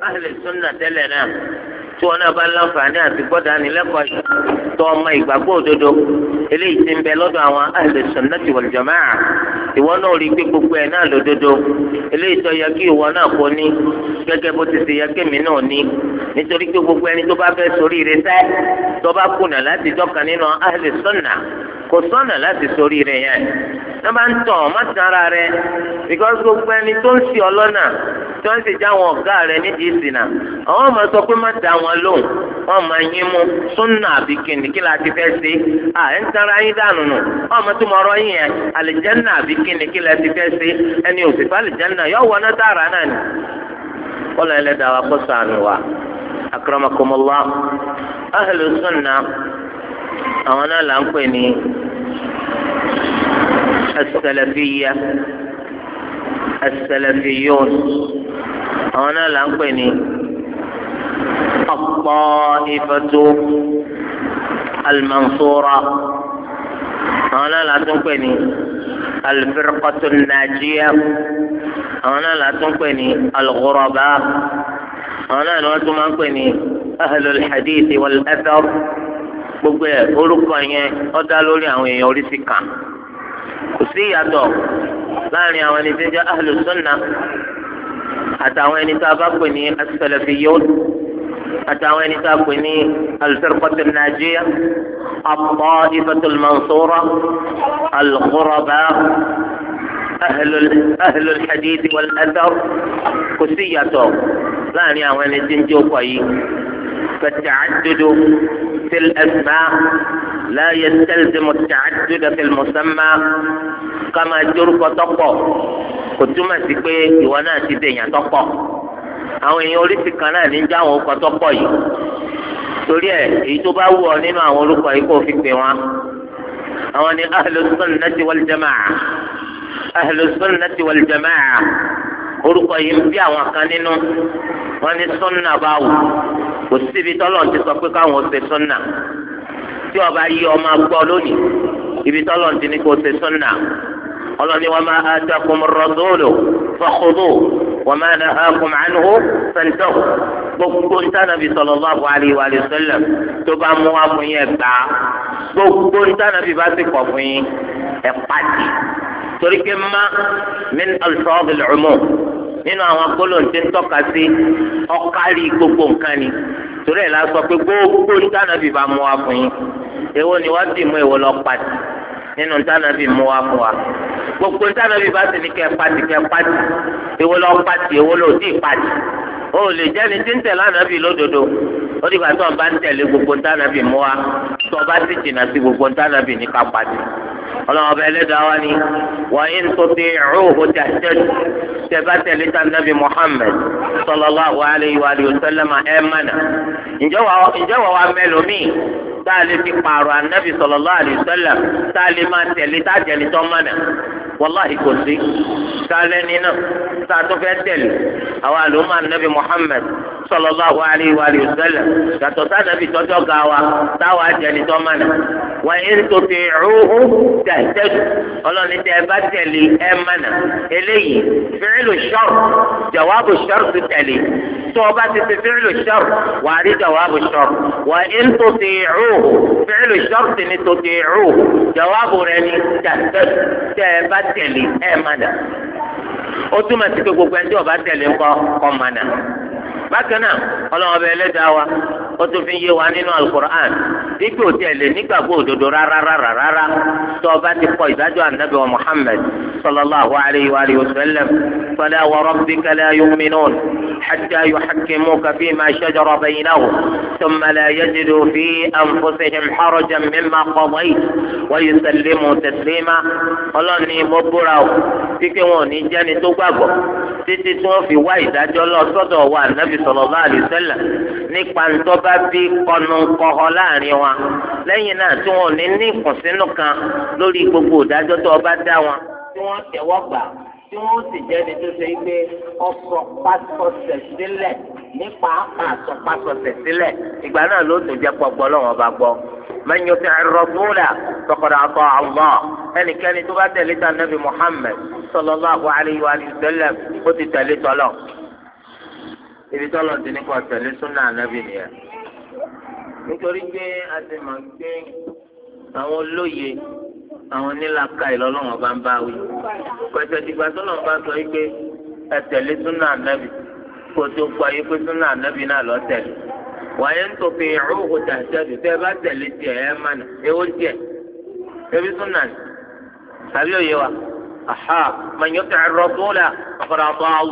ahli sunna tẹ́lẹ̀ náà tí wọn náà bá láǹfààní àti gbọ́dọ̀ ànilẹ́kọ̀ọ́ tó ọmọ ìgbàgbọ́ òdodo eléyìí ti ń bẹ lọ́dọ̀ àwọn ìwọ náà rí pé gbogbo ẹ̀ náà eléyìí tó yẹ kí ìwọ náà kó ní gẹ́gẹ́ bó ti ṣe yẹ kémi náà ní nítorí pé gbogbo ẹni tó bá fẹ́ sórí rẹ sẹ́ tó wọ́n bá ń tàn má tàn ara rẹ because gbogbo ẹni tó ń ṣì ọ lọ́nà tó ń ṣe já àwọn ọ̀gá rẹ nídìí ìsìnà àwọn ọmọ sọ pé má dá wọn lóhùn wọn máa yín mú súnà àbí kìnnì kí ti fẹ́ ṣe à ń tara yín dànù nù ọmọ tó mọ ọ̀rọ̀ yín yẹn àlìjẹ́nà àbí ti fẹ́ ṣe ẹni òṣèlú àlìjẹ́nà yọ wọ náà náà ni wa kó sànù wa akramakumullah ahlu àwọn náà là ń pè ní as-salafiyya as-salafiyyun àwọn náà là ń pè ní at-ta'ifatu al-mansura àwọn náà là tún pè ní al-firqatu an-najiyya àwọn náà là tún pè ní al-ghuraba àwọn náà ni wọ́n tún máa ń pè ní ahlul hadith wal athar gbogbo ẹ̀ orúkọ yẹn ó dá lórí àwọn èèyàn oríṣi kan. kò sí ìyàtọ̀ láàrin àwọn ẹni tó jẹ́ ahlu sunna àtàwọn ẹni tó a bá pè ní as-salafiyyun àtàwọn ẹni tó a pè al nàìjíríà àpò najiyya an-najiyya at-ta'ifatu al-mansura ahlu al-hadith wal-athar kò sí ìyàtọ̀ láàrin àwọn eni tó tí ń jẹ́ òkò yìí tẹ́lẹ̀ fil-asma'. لا يستلزم التعدد في المسمى كما جرك تقو كتما سيكوي وانا سيدين تقو àwọn èèyàn oríṣi kan náà ní já àwọn orúkọ tó pọ̀ yìí torí ẹ̀ èyí tó bá wù ọ́ nínú àwọn orúkọ yìí kò fi pè wọ́n àwọn ni ahlu sunnati wal jamaa ahlu sunnati orúkọ yìí ń bí àwọn kan nínú wọ́n ní sunna báwò kò síbi tọ́lọ̀ ti sọ pé káwọn ò tí ọba yí ọmọ agbọ́ lónìí ibi tọ́lọ̀ ti ní kó ṣe súnà ọlọ́ni wa ma atakum ar-rasulu fakhudhu wa ma nahakum anhu fantahu gbogbo ntànàbí sallallahu alaihi wa sallam tó bá mú wa fún yín gbà gbogbo ntànàbí bá ti kọ̀ fún yín ẹ̀ pàtì torí pé má min alfọ́ọ̀dì lọ́mọ́ nínú àwọn gbólóhùn tí sí ọ̀kárí gbogbo nǹkan torí ẹ̀ la pé gbogbo ntànàbí bá mú wa fún yín. Ewo ni wàá dì mú èwo lọ pàtì nínú ntànàbì mú wa fún wa gbogbo ntànàbì bá sì ní kẹ pàtì kẹ pàtì èwo lọ pàtì èwo lọ òdì pàtì o lè jẹ́ ni tí ń tẹ̀lé ànábì lódodo ó dìgbà tó ń bá ń tẹ̀lé gbogbo ntànàbì mú wa tó o bá jìnnà sí gbogbo ntànàbì ní ká pàtì ọlọ́wọ́ bẹ́ẹ̀ lẹ́dàá wa ni wà á ń tóbi ẹ̀rọ̀hó tẹ̀sẹ̀ tẹ̀bá tẹ̀lé ta nàbì Muhammad sallallahu alayhi wa sallam ẹ̀ mánà ǹjẹ́ wà wá mẹ́lòmíì tá a lè fi pààrọ̀ ànábì sallallahu alayhi wa sallam tá a lè máa tẹ̀lé tá a jẹ̀lé tó mánà wàláhì kò sí tá a tá a tó fẹ́ tẹ̀lé àwọn àlùmọ́ ànábì Muhammad sallallahu alaihi wa sallam yàtọ̀ sànàbì tọ́jọ́ ga wa táwa jẹni tọ́ mọ̀nà wà in tuti'uhu tahtadu ọlọ́ni tẹ ẹ bá tẹ̀lé ẹ mọ̀nà eléyìí fi'lu shart jawabu shart ti tẹ̀lé tó o bá ti fi fi'lu shart wà á rí jawabu shart wà in tuti'uhu fi'lu shart ti ni tuti'uhu jawabu rẹ ni tahtadu tẹ ẹ bá tẹ̀lé ẹ mọ̀nà ó túmọ̀ sí pé gbogbo ẹni tí o bá tẹ̀lé ńkọ́ kọ́ mọ̀nà bákan náà ọlọ́wọ́n bẹ ẹlẹ́dàá wa ó tún fi yé wa nínú alukur'an àbí kò tiẹ̀ lè nígbàgbọ́ òdodo rárá rárá rárá tó o bá ti kọ ìdájọ́ ànábì wa muhammed sallallahu alayhi wa alihi wa sallam fala wa rabbika la yu'minun hatta yuhakkimuka fima shajara baynahum thumma la yajidu fi anfusihim harajan mimma qadayta wa yusallimu taslima ọlọ́ni mo búra o kíkẹ́ wọn ò ní jẹ́ni tó gbàgbọ́ títí tí wọ́n fi wá ìdájọ́ lọ sọ́dọ̀ wa ànábì sallallahu alayhi wa sallam nípa ntọ́ba bí kọ́nu kọ́họ láàrin wa wọn lẹ́yìn náà tí wọn ò ní ní ìkùnsínú kan lórí gbogbo ìdájọ́ tó ọba dá wọn tí wọ́n tẹ̀wọ́ gbà tí wọ́n sì jẹ́ ní tó ṣe pé ọsọ pásọsẹ̀ sílẹ̀ ní pàápàá sọ pásọsẹ̀ sílẹ̀ ìgbà náà ló tún jẹ́ pọ̀gbọ́ lọ́wọ́n bá gbọ́. man yuti'i rasula faqad ata Allah ẹnikẹ́ni tó bá tẹ̀lé ta nabi Muhammad sallallahu alayhi wa sallam ó ti tẹ̀lé tọ́lọ̀ ibi tọ́lọ̀ ti ní kọ́ tẹ̀lé súnà nabi nìyẹn nítorí pé a ti mọ̀ pé àwọn olóye àwọn nílaka ìlọ́lọ́wọ́n bá ń bá wí pẹ̀sẹ̀ dìgbà tó lọ́n bá sọ pé ẹ tẹ̀lé súnà ànábì kó tó gba yí pé súnà ànábì náà lọ tẹ̀lé wàyẹn ń tòfin ìrúhù tàṣẹ́dù tẹ́ ẹ bá tẹ̀lé tiẹ̀ ẹ mánà ewu tiẹ̀ ebi súnà ni tàbí òye wa aha man yuti'i ar-rasula faqad ata Allah.